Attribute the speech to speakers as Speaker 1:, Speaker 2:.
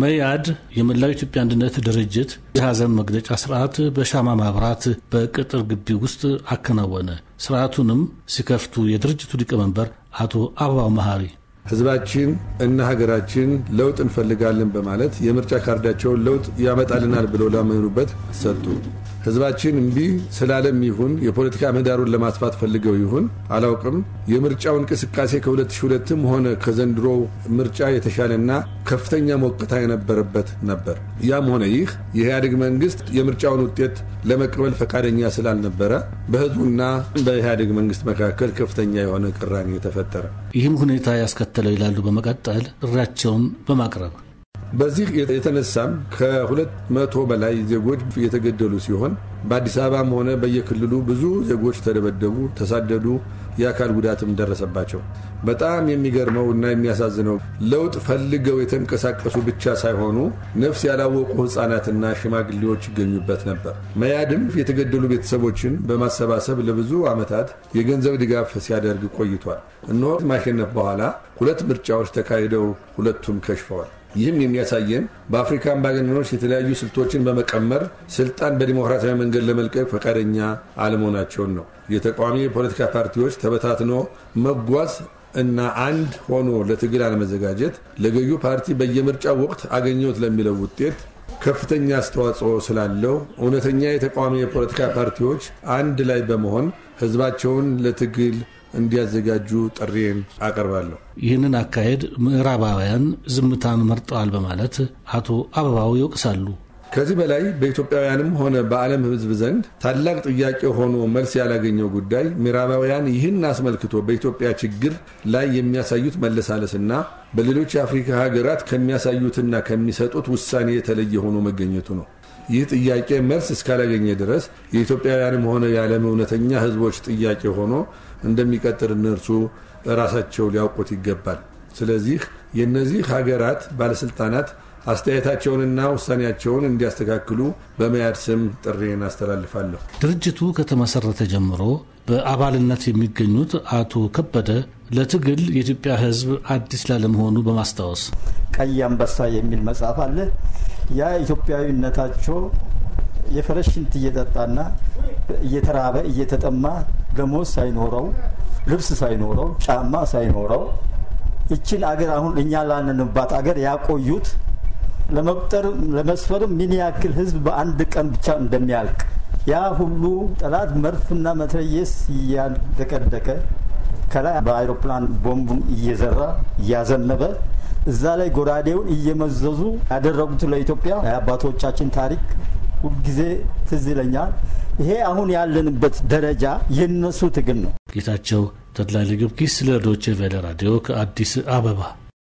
Speaker 1: መያድ የመላው ኢትዮጵያ አንድነት ድርጅት የሐዘን መግለጫ ስርዓት በሻማ ማብራት በቅጥር ግቢ ውስጥ አከናወነ። ስርዓቱንም ሲከፍቱ የድርጅቱ ሊቀመንበር
Speaker 2: አቶ አበባው መሐሪ ህዝባችን እና ሀገራችን ለውጥ እንፈልጋለን በማለት የምርጫ ካርዳቸውን ለውጥ ያመጣልናል ብለው ላመኑበት ሰጡ። ህዝባችን እምቢ ስላለም ይሁን የፖለቲካ ምህዳሩን ለማስፋት ፈልገው ይሁን አላውቅም። የምርጫው እንቅስቃሴ ከ2002ም ሆነ ከዘንድሮ ምርጫ የተሻለና ከፍተኛ ሞቅታ የነበረበት ነበር። ያም ሆነ ይህ የኢህአዴግ መንግስት የምርጫውን ውጤት ለመቀበል ፈቃደኛ ስላልነበረ በህዝቡና በኢህአዴግ መንግስት መካከል ከፍተኛ የሆነ ቅራኔ ተፈጠረ።
Speaker 1: ይህም ሁኔታ ያስከ የሚከተለው ይላሉ። በመቀጠል ጥሪያቸውን በማቅረብ
Speaker 2: በዚህ የተነሳም ከሁለት መቶ በላይ ዜጎች የተገደሉ ሲሆን በአዲስ አበባም ሆነ በየክልሉ ብዙ ዜጎች ተደበደቡ፣ ተሳደዱ የአካል ጉዳትም ደረሰባቸው። በጣም የሚገርመው እና የሚያሳዝነው ለውጥ ፈልገው የተንቀሳቀሱ ብቻ ሳይሆኑ ነፍስ ያላወቁ ሕፃናትና ሽማግሌዎች ይገኙበት ነበር። መያድም የተገደሉ ቤተሰቦችን በማሰባሰብ ለብዙ ዓመታት የገንዘብ ድጋፍ ሲያደርግ ቆይቷል። እነሆ ማሸነፍ በኋላ ሁለት ምርጫዎች ተካሂደው ሁለቱም ከሽፈዋል። ይህም የሚያሳየን በአፍሪካ አምባገነኖች የተለያዩ ስልቶችን በመቀመር ስልጣን በዲሞክራሲያዊ መንገድ ለመልቀቅ ፈቃደኛ አለመሆናቸውን ነው። የተቃዋሚ የፖለቲካ ፓርቲዎች ተበታትኖ መጓዝ እና አንድ ሆኖ ለትግል አለመዘጋጀት ለገዩ ፓርቲ በየምርጫው ወቅት አገኘሁት ለሚለው ውጤት ከፍተኛ አስተዋጽኦ ስላለው እውነተኛ የተቃዋሚ የፖለቲካ ፓርቲዎች አንድ ላይ በመሆን ህዝባቸውን ለትግል እንዲያዘጋጁ ጥሪን አቀርባለሁ።
Speaker 1: ይህንን አካሄድ ምዕራባውያን ዝምታን መርጠዋል በማለት አቶ አበባው ይወቅሳሉ።
Speaker 2: ከዚህ በላይ በኢትዮጵያውያንም ሆነ በዓለም ሕዝብ ዘንድ ታላቅ ጥያቄ ሆኖ መልስ ያላገኘው ጉዳይ ምዕራባውያን ይህን አስመልክቶ በኢትዮጵያ ችግር ላይ የሚያሳዩት መለሳለስና በሌሎች የአፍሪካ ሀገራት ከሚያሳዩትና ከሚሰጡት ውሳኔ የተለየ ሆኖ መገኘቱ ነው። ይህ ጥያቄ መልስ እስካላገኘ ድረስ የኢትዮጵያውያንም ሆነ የዓለም እውነተኛ ህዝቦች ጥያቄ ሆኖ እንደሚቀጥል እነርሱ ራሳቸው ሊያውቁት ይገባል። ስለዚህ የእነዚህ ሀገራት ባለስልጣናት አስተያየታቸውንና ውሳኔያቸውን እንዲያስተካክሉ በመያድ ስም ጥሬን አስተላልፋለሁ።
Speaker 1: ድርጅቱ ከተመሰረተ ጀምሮ በአባልነት የሚገኙት አቶ ከበደ ለትግል የኢትዮጵያ ህዝብ አዲስ ላለመሆኑ በማስታወስ
Speaker 3: ቀይ አንበሳ የሚል መጽሐፍ አለ ያ ኢትዮጵያዊነታቸው የፈረስ ሽንት እየጠጣና እየተራበ እየተጠማ ደሞዝ ሳይኖረው ልብስ ሳይኖረው ጫማ ሳይኖረው ይችን አገር አሁን እኛ ላንንባት አገር ያቆዩት ለመቁጠር ለመስፈርም ምን ያክል ህዝብ በአንድ ቀን ብቻ እንደሚያልቅ ያ ሁሉ ጠላት መርፍና መትረየስ እያደቀደቀ ከላይ በአይሮፕላን ቦምቡን እየዘራ እያዘነበ እዛ ላይ ጎራዴውን እየመዘዙ ያደረጉት ለኢትዮጵያ የአባቶቻችን ታሪክ ሁልጊዜ ትዝ ይለኛል። ይሄ አሁን ያለንበት ደረጃ የነሱ ትግል ነው።
Speaker 1: ጌታቸው ተድላ ገብጊ ስለ ዶቼ ቬለ ራዲዮ ከአዲስ አበባ